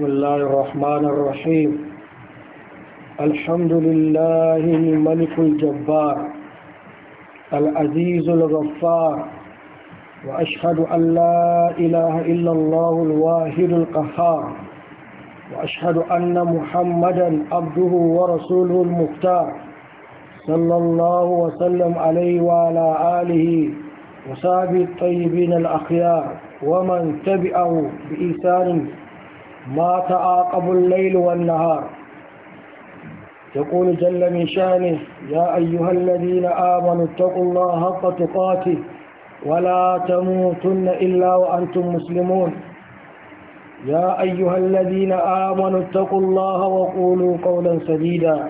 بسم الله الرحمن الرحيم الحمد لله الملك الجبار العزيز الغفار وأشهد أن لا إله إلا الله الواحد القهار وأشهد أن محمدا عبده ورسوله المختار صلى الله وسلم عليه وعلى آله وصحبه الطيبين الأخيار ومن تبعه بإيثار ما تعاقب الليل والنهار يقول جل من شانه يا أيها الذين آمنوا اتقوا الله حق تقاته ولا تموتن إلا وأنتم مسلمون يا أيها الذين آمنوا اتقوا الله وقولوا قولا سديدا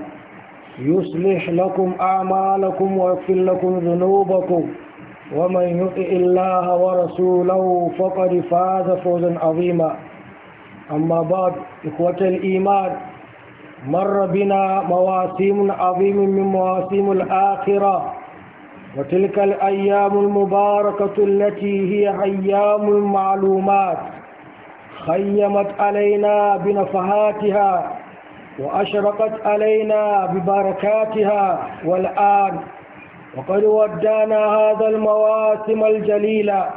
يصلح لكم أعمالكم ويغفر لكم ذنوبكم ومن يطع الله ورسوله فقد فاز فوزا عظيما أما بعد إخوة الإيمان مر بنا مواسم عظيم من مواسم الآخرة وتلك الأيام المباركة التي هي أيام المعلومات خيمت علينا بنفحاتها وأشرقت علينا ببركاتها والآن وقد ودانا هذا المواسم الجليلة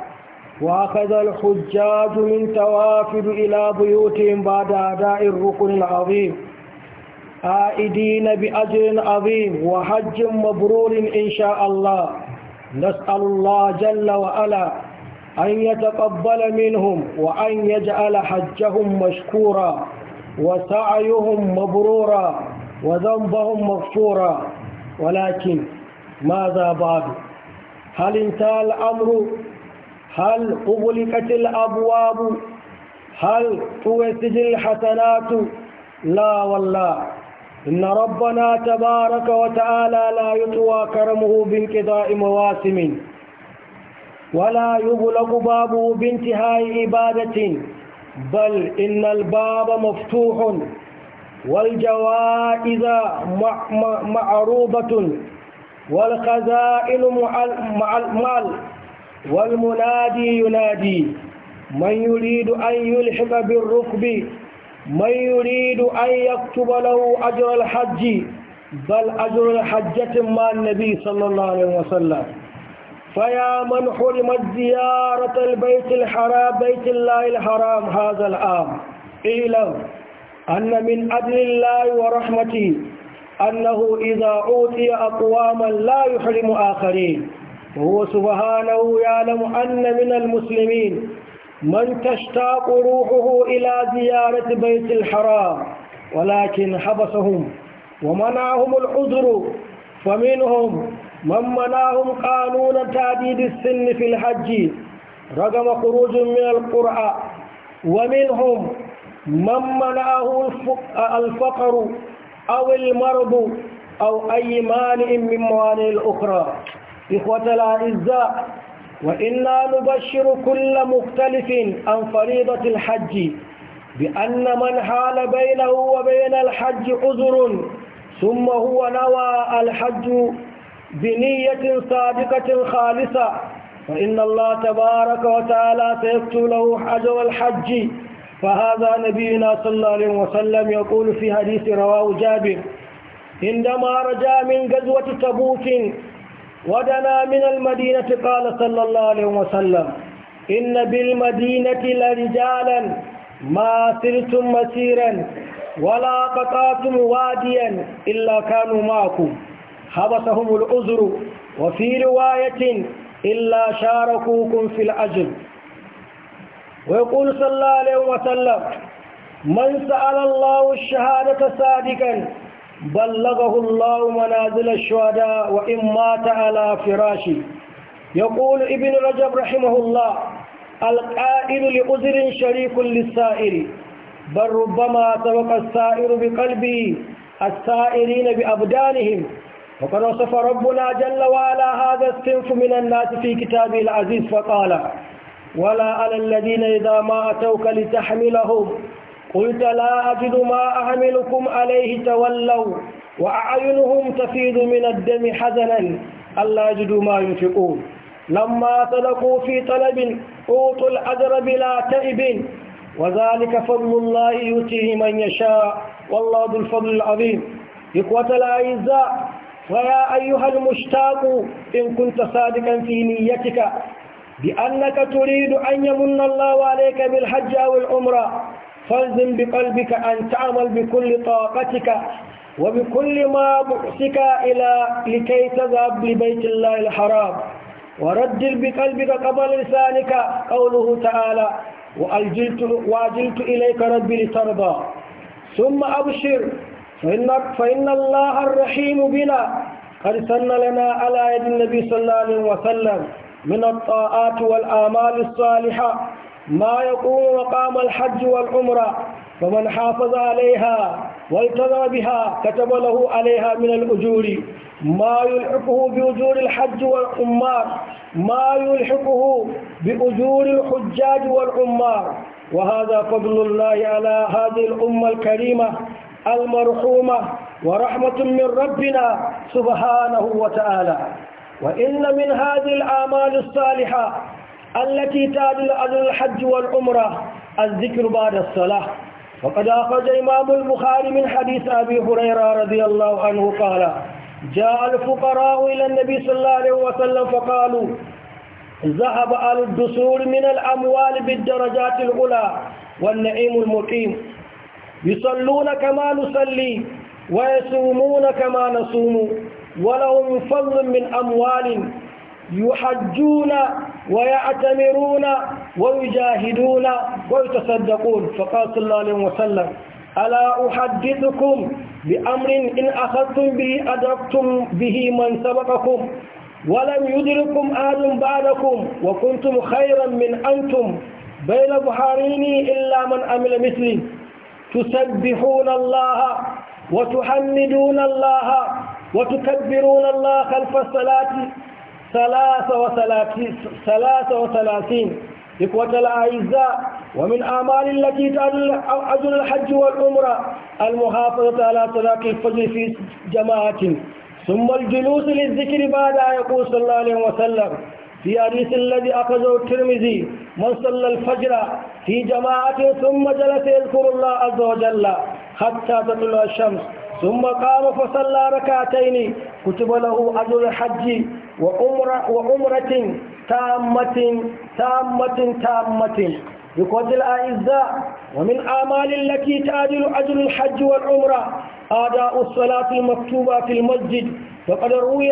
وأخذ الحجاج من توافد إلى بيوتهم بعد أداء الركن العظيم آئدين بأجر عظيم وحج مبرور إن شاء الله نسأل الله جل وعلا أن يتقبل منهم وأن يجعل حجهم مشكورا وسعيهم مبرورا وذنبهم مغفورا ولكن ماذا بعد هل انتهى الأمر هل أغلقت الأبواب هل توسج الحسنات لا والله إن ربنا تبارك وتعالى لا يطوى كرمه بانقضاء مواسم ولا يغلق بابه بانتهاء عبادة بل إن الباب مفتوح والجوائز معروضة والخزائن مع المال والمنادي ينادي من يريد أن يلحق بالركب من يريد أن يكتب له أجر الحج بل أجر الحجة مع النبي صلى الله عليه وسلم فيا من حرمت زيارة البيت الحرام بيت الله الحرام هذا العام اعلم أن من أجل الله ورحمته أنه إذا أوتي أقواما لا يحرم آخرين وهو سبحانه يعلم أن من المسلمين من تشتاق روحه إلى زيارة بيت الحرام ولكن حبسهم ومنعهم العذر فمنهم من منعهم قانون تعديد السن في الحج رغم خروج من القرآن ومنهم من منعه الفقر أو المرض أو أي مانع من موانع الأخرى إخوة الأعزاء وإنا نبشر كل مختلف عن فريضة الحج بأن من حال بينه وبين الحج عذر ثم هو نوى الحج بنية صادقة خالصة فإن الله تبارك وتعالى سيكتب له حج والحج فهذا نبينا صلى الله عليه وسلم يقول في حديث رواه جابر عندما رجا من غزوة تبوك ودنا من المدينة قال صلى الله عليه وسلم إن بالمدينة لرجالا ما سرتم مسيرا ولا قطعتم واديا إلا كانوا معكم حبسهم العذر وفي رواية إلا شاركوكم في الأجر ويقول صلى الله عليه وسلم من سأل الله الشهادة صادقا بلغه الله منازل الشهداء وإن مات على فراشه يقول ابن رجب رحمه الله القائل لأزر شريك للسائر بل ربما سبق السائر بقلبي السائرين بأبدانهم وقد وصف ربنا جل وعلا هذا الصنف من الناس في كتابه العزيز فقال ولا على الذين إذا ما أتوك لتحملهم قلت لا أجد ما أحملكم عليه تولوا وأعينهم تفيض من الدم حزنا ألا يجدوا ما ينفقون لما تلقوا في طلب أوتوا الأجر بلا تئب وذلك فضل الله يؤتيه من يشاء والله ذو الفضل العظيم إخوة الأعزاء فيا أيها المشتاق إن كنت صادقا في نيتك بأنك تريد أن يمن الله عليك بالحج أو العمرة فالزم بقلبك أن تعمل بكل طاقتك وبكل ما بؤسك إلى لكي تذهب لبيت الله الحرام وردل بقلبك قبل لسانك قوله تعالى وأجلت, وأجلت إليك ربي لترضى ثم أبشر فإن, فإن الله الرحيم بنا قد سن لنا على يد النبي صلى الله عليه وسلم من الطاعات والآمال الصالحة ما يقوم مقام الحج والعمرة فمن حافظ عليها والتزم بها كتب له عليها من الأجور ما يلحقه بأجور الحج والعمار ما يلحقه بأجور الحجاج والعمار وهذا فضل الله على هذه الأمة الكريمة المرحومة ورحمة من ربنا سبحانه وتعالى وإن من هذه الآمال الصالحة التي تعدل عن الحج والعمرة الذكر بعد الصلاة وقد أخرج إمام البخاري من حديث أبي هريرة رضي الله عنه قال جاء الفقراء إلى النبي صلى الله عليه وسلم فقالوا ذهب أهل الدسور من الأموال بالدرجات العلى والنعيم المقيم يصلون كما نصلي ويصومون كما نصوم ولهم فضل من أموال يحجون ويعتمرون ويجاهدون ويتصدقون فقال صلى الله عليه وسلم ألا أحدثكم بأمر إن أخذتم به أدركتم به من سبقكم ولم يدركم أهل بعدكم وكنتم خيرا من أنتم بين بحاريني إلا من عمل مثلي تسبحون الله وتحمدون الله وتكبرون الله خلف الصلاة ثلاثة وثلاثين, ثلاثة وثلاثين إخوة الأعزاء ومن أعمال التي أجل الحج والعمرة المحافظة على صلاة الفجر في جماعة ثم الجلوس للذكر بعد يقول صلى الله عليه وسلم في حديث الذي أخذه الترمذي من صلى الفجر في جماعة ثم جلس يذكر الله عز وجل حتى تطلع الشمس ثم قام فصلى ركعتين كتب له أجر الحج وعمرة, وعمرة تامة تامة تامة بقدر الأعزاء ومن أعمال التي تعدل أجر الحج والعمرة آداء الصلاة المكتوبة في المسجد فقد روي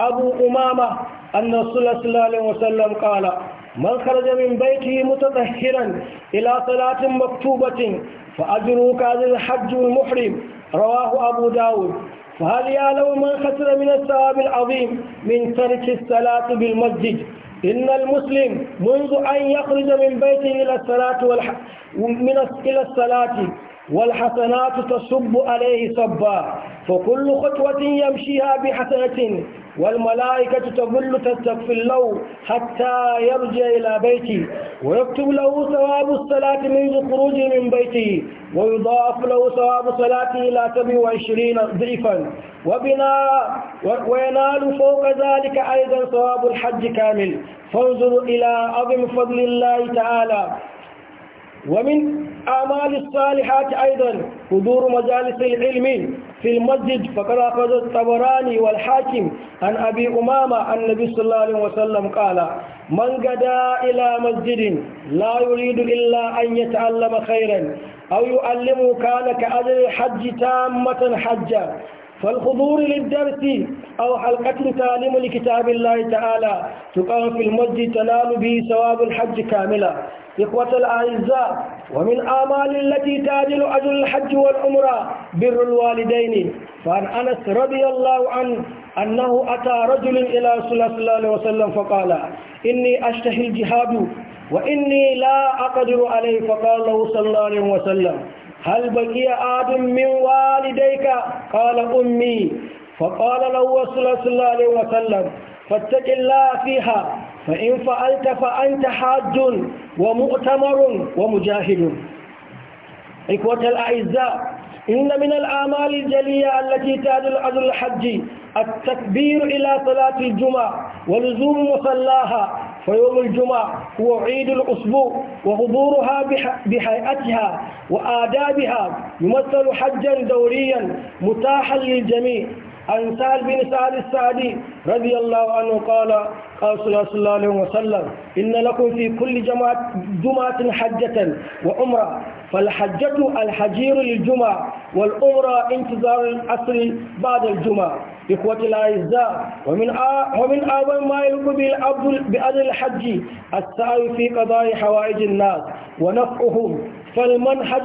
أبو أمامة أن رسول الله صلى الله عليه وسلم قال من خرج من بيته متطهرا إلى صلاة مكتوبة فأجره كان الحج المحرم رواه أبو داود فهل يعلم من خسر من الثواب العظيم من ترك الصلاة بالمسجد إن المسلم منذ أن يخرج من بيته إلى الصلاة والح... من إلى الصلاة والحسنات تصب عليه صبا فكل خطوة يمشيها بحسنة والملائكة تظل تستغفر له حتى يرجع إلى بيته ويكتب له ثواب الصلاة منذ خروجه من بيته ويضاف له ثواب صلاته إلى 27 ضعفا وبناء وينال فوق ذلك أيضا ثواب الحج كامل فانظروا إلى عظم فضل الله تعالى ومن أعمال الصالحات أيضا حضور مجالس العلم في المسجد فقد أخذ الطبراني والحاكم عن أبي أمامة النبي صلى الله عليه وسلم قال من قدا إلى مسجد لا يريد إلا أن يتعلم خيرا أو يؤلمه كان كأجر الحج تامة حجا فالحضور للدرس أو حلقة تعليم لكتاب الله تعالى تقام في المسجد تنال به ثواب الحج كاملا إخوة الأعزاء ومن آمال التي تعدل أجر الحج والعمرة بر الوالدين فعن أنس رضي الله عنه أنه أتى رجل إلى رسول الله صلى الله عليه وسلم فقال إني أشتهي الجهاد وإني لا أقدر عليه فقال له صلى الله عليه وسلم هل بقي آدم من والديك قال أمي فقال له رسول صلى الله عليه وسلم فاتق الله فيها فإن فعلت فأنت حاج ومؤتمر ومجاهد إخوة الأعزاء إن من الأعمال الجلية التي تعدل عدل الحج التكبير إلى صلاة الجمعة ولزوم مصلاها ويوم الجمعة هو عيد الأسبوع وحضورها بهيئتها وآدابها يمثل حجا دوريا متاحا للجميع عن سهل بن سعد السعدي رضي الله عنه قال قال صلى الله عليه وسلم إن لكم في كل جمعة جمعة حجة وعمرة فالحجة الحجير للجمعة والأمرة انتظار الأسر بعد الجمعة إخوة الأعزاء ومن آ... ومن أول ما يلقى بالعبد بأذن الحج السعي في قضاء حوائج الناس ونفعهم فالمنهج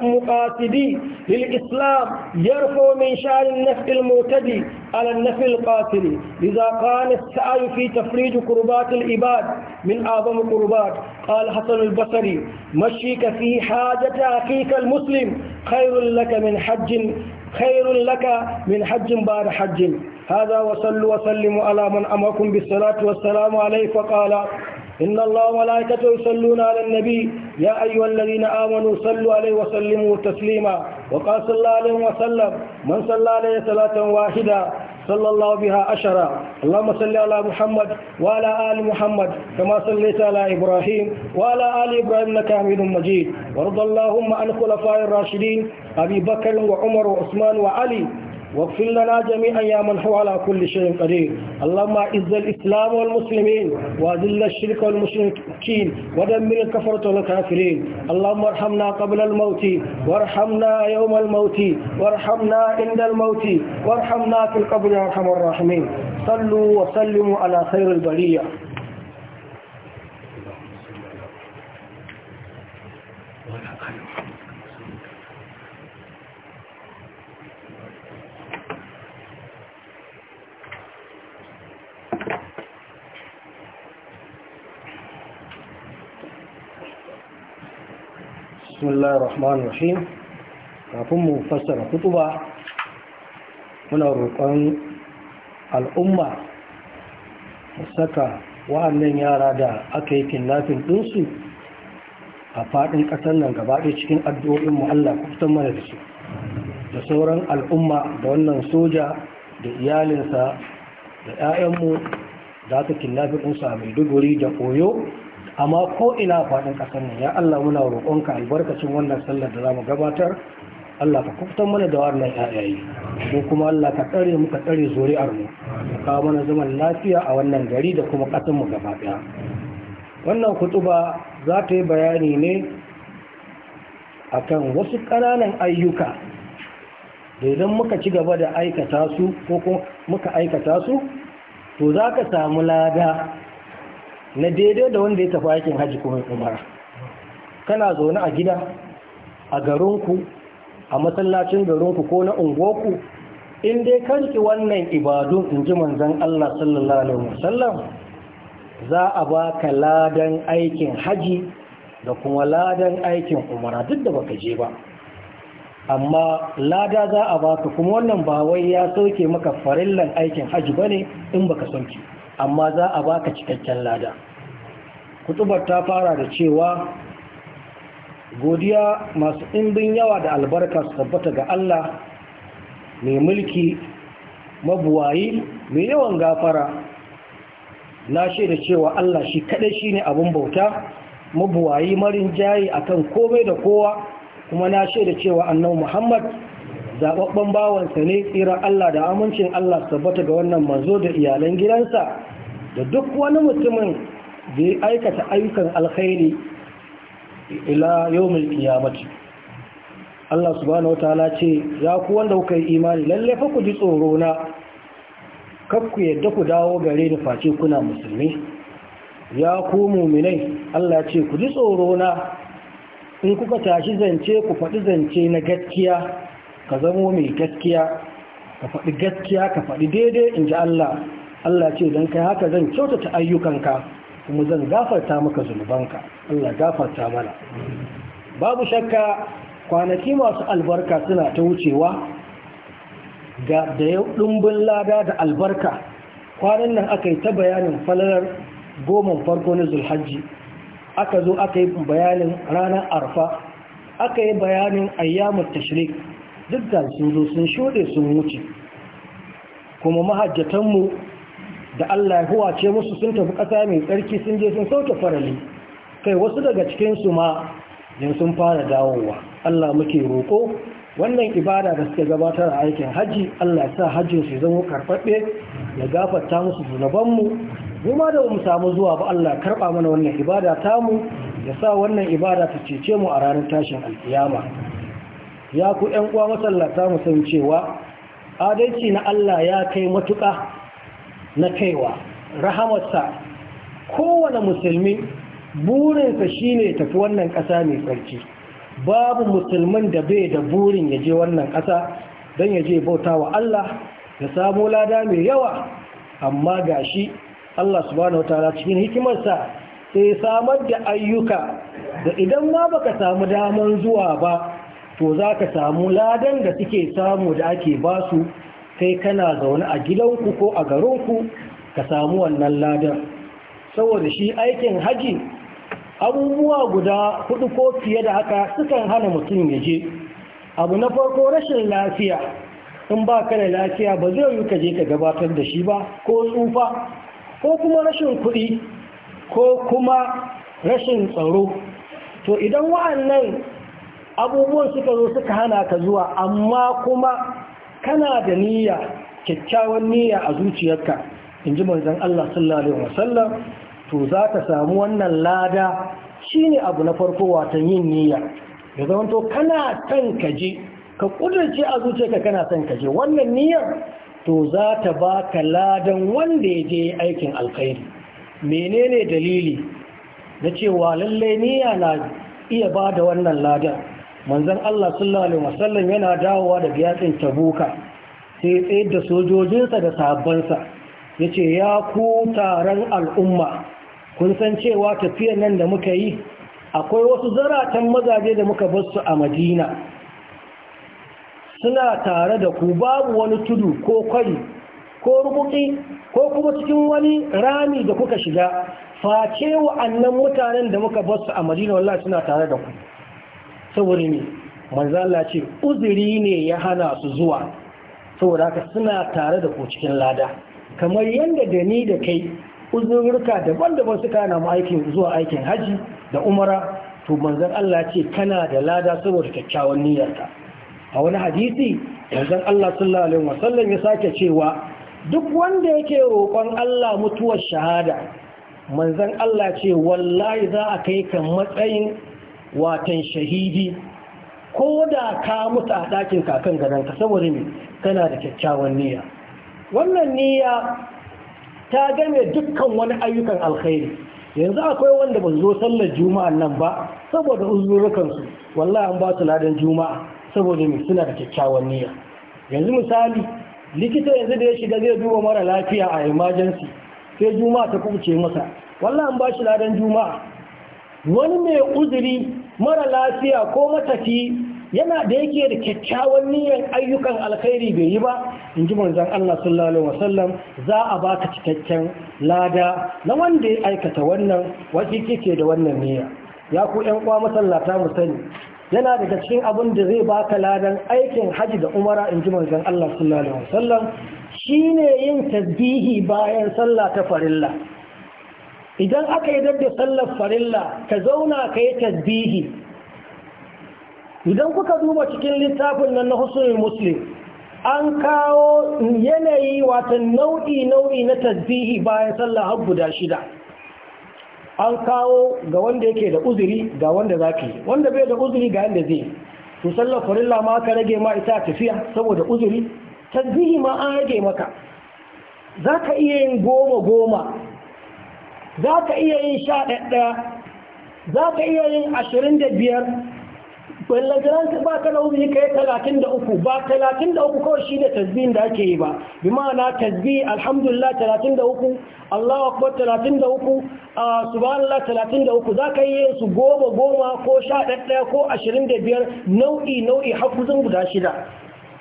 المقاتدي للإسلام يرفع من شأن النفع المعتدي على النفع القاتل لذا كان السعي في تفريج كربات العباد من أعظم كربات قال حسن البصري مشيك في حاجة أخيك المسلم خير لك من حج خير لك من حج بعد حج هذا وصلوا وسلموا على من أمركم بالصلاة والسلام عليه فقال إن الله وملائكته يصلون على النبي يا أيها الذين آمنوا صلوا عليه وسلموا تسليما وقال صلى الله عليه وسلم من صلى عليه صلاة واحدة صلى الله بها أشرا اللهم صل على محمد وعلى آل محمد كما صليت على إبراهيم وعلى آل إبراهيم إنك حميد مجيد وارض اللهم عن الخلفاء الراشدين أبي بكر وعمر وعثمان وعلي واغفر لنا جميعا يا من هو على كل شيء قدير اللهم اعز الاسلام والمسلمين واذل الشرك والمشركين ودمر الكفرة والكافرين اللهم ارحمنا قبل الموت وارحمنا يوم الموت وارحمنا عند الموت وارحمنا في القبر يا ارحم الراحمين صلوا وسلموا على خير البريه bismillah rahman rahim kafin mu fassara kutuba muna roƙon al'umma saka wa'annan yara da aka yi kinnafin ɗinsu a faɗin ƙasar nan gabaɗe cikin addu'o'in mu kusan mana da su da sauran al'umma da wannan soja da iyalinsa da 'ya'yanmu za ta kinnafin ɗinsu a maiduguri da koyo amma ko ina faɗin ƙasar nan ya Allah muna roƙonka albarkacin wannan sallar da za mu gabatar Allah ka kuftan mana da wannan ƴaƴaye ko kuma Allah ka tsare muka ɗare tsare zuri'ar mu ka kawo mana zaman lafiya a wannan gari da kuma ƙasar mu gaba ɗaya wannan kutuba za ta yi bayani ne akan wasu ƙananan ayyuka da idan muka ci gaba da aikata su ko kuma muka aikata su to za ka samu lada na daidai da wanda ya tafi aikin kuma ya umara kana zaune a gida a garinku a masallacin garinku ko na unguwarku in dai karki wannan ibadun in ji manzan Allah sallallahu alaihi wasallam za a baka ladan aikin haji da kuma ladan aikin umara duk da baka je ba amma lada za a baka kuma wannan ba wai ya sauke maka farillan aikin haji bane in baka sauke amma za a baka cikakken lada kutubar ta fara da cewa godiya masu ɗimbin yawa da albarka su tabbata ga Allah mai mulki mabuwayi mai yawan gafara na shaida cewa Allah shi kaɗai shi ne abin bauta mabuwayi marin jayi akan komai da kowa kuma na shaida cewa annabi Muhammad zaɓaɓɓen bawansa ne tsira Allah da amincin Allah su tabbata ga wannan manzo da iyalan gidansa da duk wani mutumin da ya aikata ayyukan alkhairi ila yawmul qiyamati Allah subhanahu wataala ce ya ku wanda kuka yi imani lalle fa ku ji tsoro na kakku ku yadda ku dawo gare ni face kuna musulmi ya ku muminai Allah ce ku ji tsoro na in kuka tashi zance ku faɗi zance na gaskiya ka zamo mai gaskiya ka faɗi gaskiya ka faɗi daidai in ji Allah Allah ce don kai haka zan kyautata ayyukanka kuma zan gafarta maka zunubanka Allah gafarta mana babu shakka kwanaki masu albarka suna ta wucewa ga da ya ɗumbin lada da albarka kwanan nan aka yi ta bayanin falalar goma farko na zulhajji aka zo aka yi bayanin ranar arfa aka yi bayanin ayyamar tashrik duk da sun zo sun shuɗe sun wuce kuma mahajjatanmu da Allah ya huwace musu sun tafi ƙasa mai tsarki sun je sun sauke farali kai wasu daga cikinsu ma yin sun fara dawowa Allah muke roƙo wannan ibada da suke gabatar a aikin hajji Allah ya sa hajjin su zama karfafe ya gafarta musu zunubanmu mu ma da mu samu zuwa ba Allah karɓa mana wannan ibada ta mu ya sa wannan ibada ta cece mu a ranar tashin alkiyama ya ku ƴan uwa masallata mu san cewa adalci na Allah ya kai matuƙa na kaiwa rahamarsa kowane musulmi burinsa shine tafi wannan ƙasa mai tsarki babu musulmin da bai da burin ya je wannan ƙasa don ya je bauta wa Allah ya samu lada mai yawa amma ga shi Allah subhanahu wataala cikin hikimarsa sai samar da ayyuka da idan ma baka samu daman zuwa ba to za ka samu ladan da suke samu da ake basu kai kana zaune a gidanku ko a garinku ka samu wannan ladar. saboda shi aikin haji abubuwa guda hudu ko fiye da haka sukan hana mutum ya je abu na farko rashin lafiya in ba ka da lafiya ba zai yi ka je ka gabatar da shi ba ko tsufa ko kuma rashin kuɗi ko kuma rashin tsaro to idan wa'annan abubuwan suka zo suka hana ka zuwa amma kuma kana da niyya kyakkyawan niyya a zuciyarka in ji manzan Allah sallallahu alaihi wasallam to za ka samu wannan lada shine abu na farko watan yin niyya ya zama to kana san ka je ka kudurce a zuciyarka kana san ka je wannan niyyar to za ta baka ladan wanda ya je aikin alkhairi menene dalili na cewa lallai niyya na iya ba da wannan ladan manzon Allah sallallahu alaihi wasallam yana dawowa da yakin tabuka sai tsaye da sojojinsa da sahabbansa yace ya ku taron al'umma kun san cewa tafiyar nan da muka yi akwai wasu zaratan mazaje da muka basu a Madina suna tare da ku babu wani tudu ko kwari ko rubuki ko kuma cikin wani rami da kuka shiga face wa'annan mutanen da muka basu a Madina wallahi suna tare da ku saboda ne manzala ce uzuri ne ya hana su zuwa saboda haka suna tare da ku cikin lada kamar yadda da ni da kai uzurruka daban-daban suka hana mu aikin zuwa aikin haji da umara to manzan Allah ce kana da lada saboda kyakkyawan niyyarka a wani hadisi manzan Allah sallallahu alaihi wasallam ya sake cewa duk wanda yake roƙon Allah mutuwar shahada manzan Allah ce wallahi za a kai ka matsayin watan shahidi ko da ka mutu a ɗakin kakan ka saboda ne kana da kyakkyawan niyya wannan niyya ta game dukkan wani ayyukan alkhairi yanzu akwai wanda ban zo sallar juma'a nan ba saboda uzurukansu wallahi an ba su ladan juma'a saboda ne suna da kyakkyawan niyya yanzu misali likita yanzu da ya shiga zai duba mara lafiya a emergency sai juma'a ta kubuce masa wallahi an ba shi ladan juma'a wani mai uzuri mara lafiya ko matafi yana da yake da kyakkyawan niyyar ayyukan alkhairi bai yi ba in ji manzan Allah sallallahu alaihi wasallam za a baka cikakken lada na wanda ya aikata wannan wace kike da wannan niyya ya ku ƴan uwa masallata mu sani yana daga cikin abin da zai baka ladan aikin haji da umara in ji manzan Allah sallallahu alaihi wasallam shine yin tasbihi bayan sallah ta farilla idan aka yi da sallar farilla ka zauna ka yi tasbihi idan kuka duba cikin littafin nan na husnul muslim an kawo yanayi wata nau'i nau'i na tasbihi bayan sallah har guda shida an kawo ga wanda yake da uzuri ga wanda zaki wanda bai da uzuri ga yanda zai to sallar farilla ma ka rage ma ita tafiya saboda uzuri tasbihi ma an rage maka Za ka iya yin goma goma za ka iya yin sha ɗaɗɗaya za ka iya yin ashirin da biyar ballajiran ba ka nauyi ka yi talatin da uku ba talatin da uku kawai shi ne tasbihin da ake yi ba bi ma'ana tasbih alhamdulillah talatin da uku allahu akbar talatin da uku subhanallah talatin da uku za ka yi su goma goma ko sha ɗaɗɗaya ko ashirin da biyar nau'i nau'i hakuzin guda shida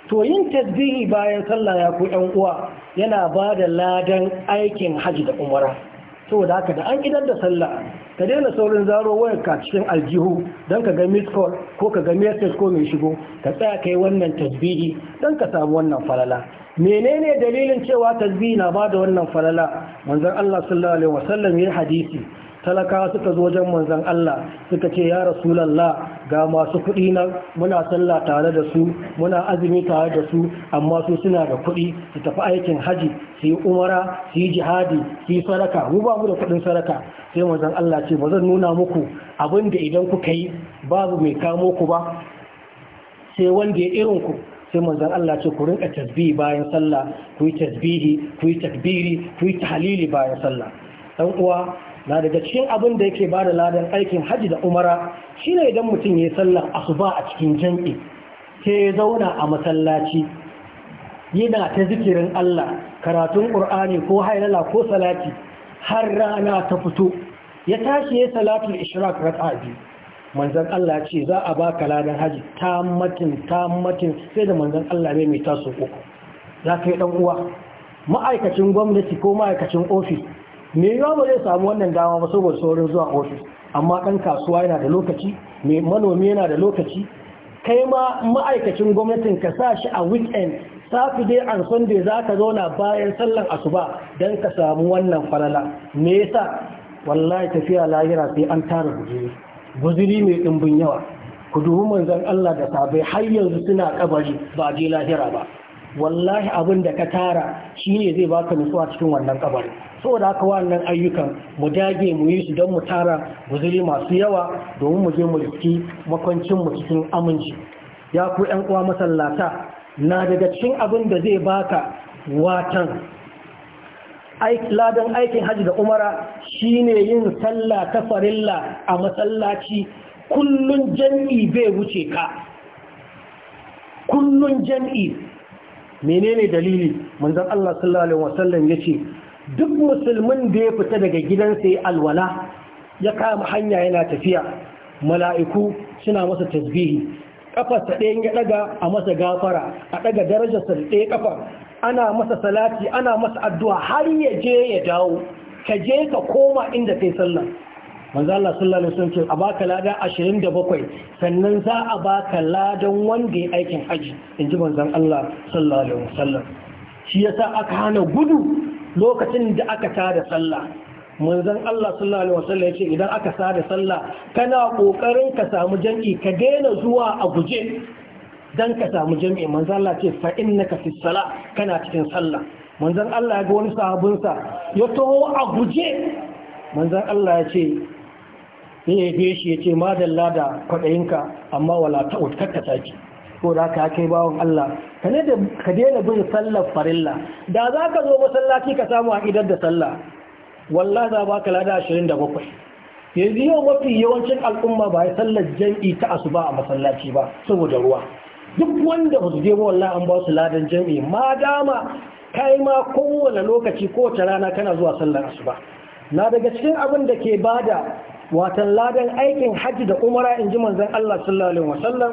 to yin tasbihi bayan sallah ya ku ƴan uwa yana ba da ladan aikin hajji da umara saboda haka da an idan da sallah ka daina saurin zaro wayar ka cikin aljihu don ka ga miskol ko ka ga message ko mai shigo ka tsaya kai wannan tasbihi don ka samu wannan falala menene dalilin cewa tasbihi na ba da wannan falala manzon Allah sallallahu alaihi wasallam yayin hadisi talakawa suka zo wajen manzon Allah suka ce ya rasulullah ga masu kuɗi na, muna sallah tare da su muna azumi tare da su amma su suna da kuɗi su tafi aikin haji su yi umara su yi jihadi su yi saraka mu ba mu da kuɗin saraka sai zan Allah ce ba zan nuna muku abin da idan kuka yi babu mai kamo ku ba sai wanda ya irin ku sai zan Allah ce ku rinka tasbihi bayan sallah ku yi tasbihi ku yi takbiri ku yi tahlili bayan sallah dan uwa na daga cikin abin da yake ba da ladan aikin hajji da umara shi ne idan mutum ya yi sallar asuba a cikin jam'i sai ya zauna a masallaci yana ta zikirin Allah karatun ƙur'ani ko hailala ko salati har rana ta fito ya tashi ya salatul ishirak rata biyu Manzan Allah ce za a ba ka ladan haji ta-matin, sai da manzan Allah ne mai taso uku za ka yi uwa ma'aikacin gwamnati ko ma'aikacin ofis me yawa ba zai samu wannan dama ba saboda saurin zuwa ofis amma ɗan kasuwa yana da lokaci mai manomi yana da lokaci kai ma ma'aikacin gwamnatin ka sa shi a weekend an and sunday za ka zauna bayan sallan asuba don ka samu wannan falala me yasa wallahi tafiya lahira sai an tara guzuri guzuri mai ɗimbin yawa ku dubi manzon Allah da sabai har yanzu suna ƙabari ba je lahira ba wallahi abin da ka tara shi ne zai baka nutsuwa cikin wannan ƙabari. saboda haka wannan ayyukan mu dage mu yi su don mu tara guzuri masu yawa domin mu je mu riski makwancin mu cikin aminci ya ku ƴan uwa masallata na daga cikin abin da zai baka watan ladan aikin hajji da umara shine yin sallah ta farilla a masallaci kullun jami'i bai wuce ka kullun jami'i? menene dalili manzon Allah sallallahu alaihi wasallam yace duk musulmin da ya fita daga gidansa ya alwala ya kama hanya yana tafiya mala'iku suna masa tasbihi kafarsa ɗaya ya ɗaga a masa gafara a ɗaga darajarsa da ɗaya kafa ana masa salati ana masa addu'a har ya je ya dawo ka je ka koma inda kai sallah manzo Allah sallallahu alaihi wasallam ce a baka lada 27 sannan za a baka ladan wanda ya aikin haji inji manzo Allah sallallahu alaihi wasallam shi yasa aka hana gudu lokacin da aka tada sallah manzon Allah sallallahu alaihi wasallam yace idan aka sada sallah kana kokarin ka samu jami'i ka daina zuwa a guje dan ka samu jami'i manzon Allah ce fa innaka fi sala kana cikin sallah manzon Allah ya ga wani sahabin sa ya taho a guje manzon Allah ya ce ya yabe shi ya ce madalla da kwaɗayinka amma wala ta'ud kakka saki ko da ka kai bawon Allah ka ne da ka daina bin sallar farilla da za ka zo masallaci ka samu a idar da sallah wallahi za ba ka lada 27 yanzu yau mafi yawancin al'umma ba ya sallar jam'i ta asuba a masallaci ba saboda ruwa duk wanda ba su je ba wallahi an ba su ladan jam'i ma dama kai ma kowane lokaci kowace rana kana zuwa sallar asuba na daga cikin abin da ke bada watan ladan aikin hajji da umara in ji manzan Allah sallallahu alaihi wasallam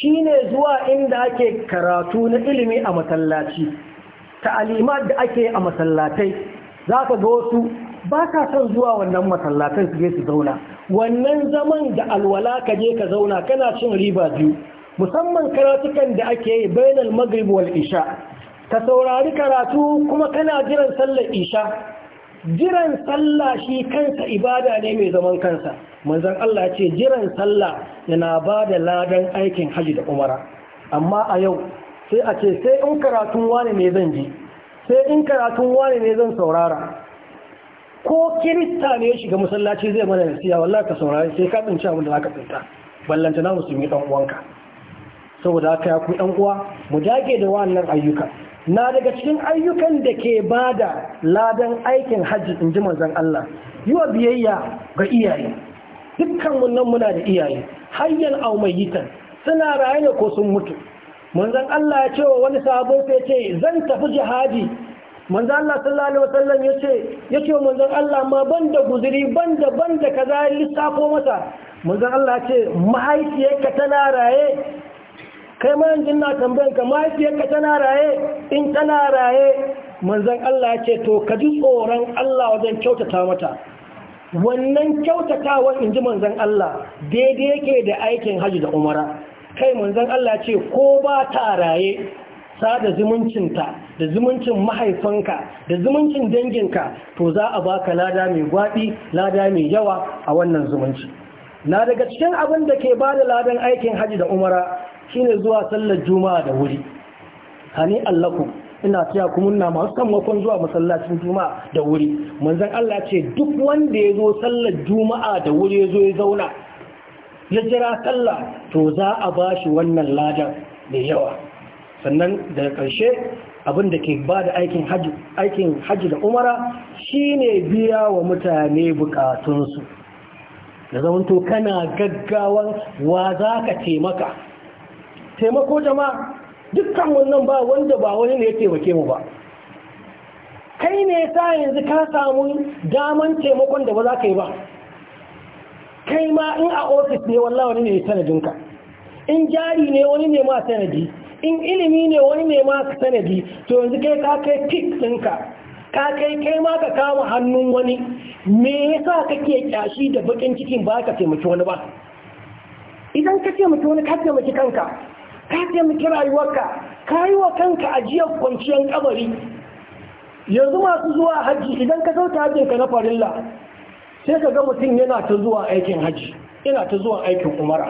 shine zuwa inda ake karatu na ilimi a masallaci ta'alimat da ake a masallatai zaka ga wasu ba ka son zuwa wannan masallatan su je su zauna wannan zaman da alwala ka je ka zauna kana cin riba biyu musamman karatukan da ake yi bainal maghrib wal isha ka saurari karatu kuma kana jiran sallar isha jiran sallah shi kansa ibada ne mai zaman kansa manzon Allah ya ce jiran sallah yana ba da ladan aikin haji da umara amma a yau sai a ce sai in karatun wani ne zan ji sai in karatun wani ne zan saurara ko kirista ne ya shiga masallaci zai mana nasiya wallahi ka saurari sai ka tsinci abin da zaka tsinta ballanta na musulmi dan uwanka saboda haka ya ku dan uwa mu dage da wannan ayyuka na daga cikin ayyukan da ke ba da ladan aikin hajji in ji manzan Allah yi wa biyayya ga iyaye dukkan nan muna da iyaye hanyar aumayitan suna raye ne ko sun mutu manzan Allah ya ce wa wani sabon sai ce zan tafi jihadi manzan Allah sallallahu alaihi wasallam ya ce ya ce manzan Allah ma banda guzuri banda banda kaza lissafo masa manzan Allah ya ce mahaifiyarka tana raye kai ma yanzu na tambayan ka mahaifiyarka tana raye in tana raye manzon Allah ce to ka ji tsoron Allah wajen kyautata mata wannan kyautatawan in ji manzon Allah daidai yake da aikin hajji da umara kai manzon Allah ce ko ba ta raye sada zumuncinta da zumuncin mahaifanka da zumuncin danginka to za a baka lada mai gwaɗi lada mai yawa a wannan zumunci na daga cikin abin da ke ba da ladan aikin hajji da umara shine zuwa sallar juma'a da wuri hani allaku ina saya kuma masu kan zuwa masallacin juma'a da wuri manzon Allah ce duk wanda ya zo sallar juma'a da wuri ya zo ya zauna ya jira sallah to za a ba shi wannan ladar da yawa sannan daga ƙarshe abin da ke ba da aikin hajji da umara shine biya wa mutane bukatunsu da zamanto kana gaggawan wa za ka taimaka taimako jama'a dukkan wannan ba wanda ba wani ne ya taimake mu ba kai ne yasa yanzu ka samu daman taimakon da ba za ka yi ba kai ma in a ofis ne wallah wani ne ya sanadinka in jari ne wani ne ma sanadi in ilimi ne wani ne ma sanadi to yanzu kai ka kai tik ɗinka ka kai kai ma ka kama hannun wani me yasa kake kyashi da bakin cikin ba ka taimaki wani ba idan ka taimaki wani ka taimaki kanka ka taimaki rayuwarka ka yi wa kanka ajiyar kwanciyar kabari yanzu masu zuwa hajji idan ka sauta ka na farilla sai ka ga mutum yana ta zuwa aikin hajji yana ta zuwa aikin umara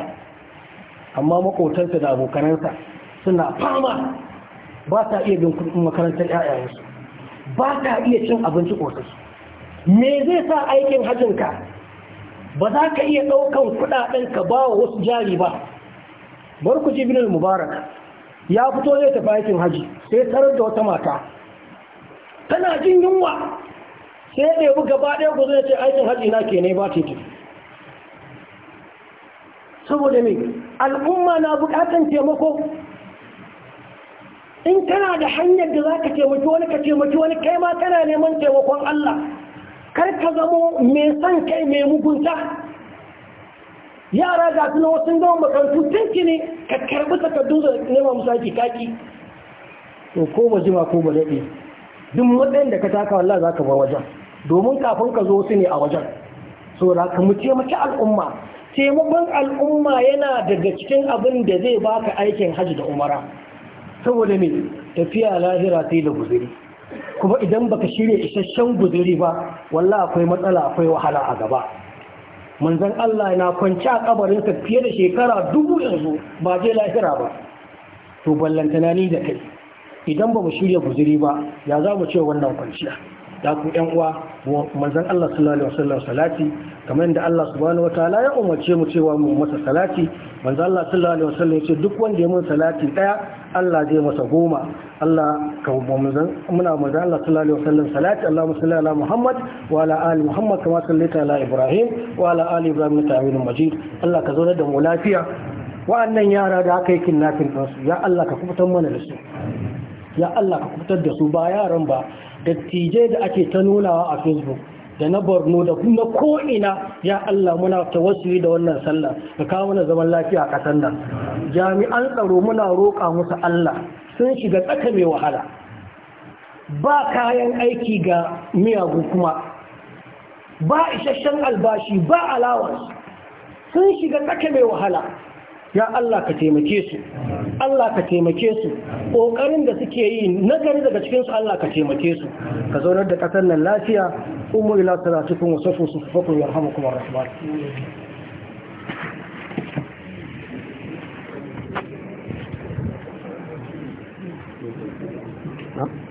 amma makotansa da abokanansa suna fama ba ta iya bin kudin makarantar 'ya'yansu ba ta iya cin abinci kotarsu me zai sa aikin hajjinka ba za ka iya ɗaukan kuɗaɗen ka ba wa wasu jari ba Barku ibn mubarak ya fito zai tafi aikin haji sai tarar da wata mata tana jin yunwa sai ya ɗebi gaba ɗaya ku zai ce aikin haji na ke ne ba ta saboda me al'umma na bukatan taimako in kana da hanyar da za ka taimaki wani ka taimaki wani kai ma kana neman taimakon Allah kar ka zamo mai son kai mai mugunta yara ga suna wasu gama makarantu tunki ne ka karbi takardu da nema musu ake kaki to ko ba jima ko ba daɗe duk matsayin da ka taka wallah za ka ba wajen domin kafin ka zo su ne a wajen so da ka mu taimaki al'umma taimakon al'umma yana daga cikin abin da zai baka aikin hajji da umara saboda me tafiya lahira sai da guzuri kuma idan baka shirya isasshen guzuri ba wallah akwai matsala akwai wahala a gaba Manzan Allah na kwanci a kabarinsa fiye da shekara dubu yanzu ba je lahira ba to ballantana ni da kai idan ba mu shirya guziri ba ya za mu ce wannan kwanciya da ku yan uwa manzon Allah sallallahu alaihi wasallam salati kamar yadda Allah subhanahu wataala ya umarce mu cewa mu masa salati manzon Allah sallallahu alaihi wasallam yace duk wanda ya mun salati daya Allah zai masa goma Allah ka manzon muna manzon Allah sallallahu alaihi wasallam salati Allahumma salli ala Muhammad wa ala ali Muhammad kama sallaita ala Ibrahim wa ala ali Ibrahim innaka Hamidum Majid Allah ka zauna da mu lafiya wa'annan yara da aka yi kidnapping ɗinsu ya Allah ka kubutan mana da su ya Allah ka fitar da su ba yaran ba dattijai da ake ta nunawa a facebook da na borno da kuma ko'ina ya Allah muna ta wasu da wannan sallah ka kawo mana zaman lafiya a ƙasar nan jami'an tsaro muna roƙa musu Allah sun shiga tsaka mai wahala ba kayan aiki ga miyagu kuma ba isasshen albashi ba alawar sun shiga tsaka mai wahala ya Allah ka taimake su Allah ka taimake su kokarin da suke yi nagari daga cikin su Allah ka taimake su ka zaunar da kasar nan lafiya ummu ila salatukum wa safu sufukum yarhamukum ar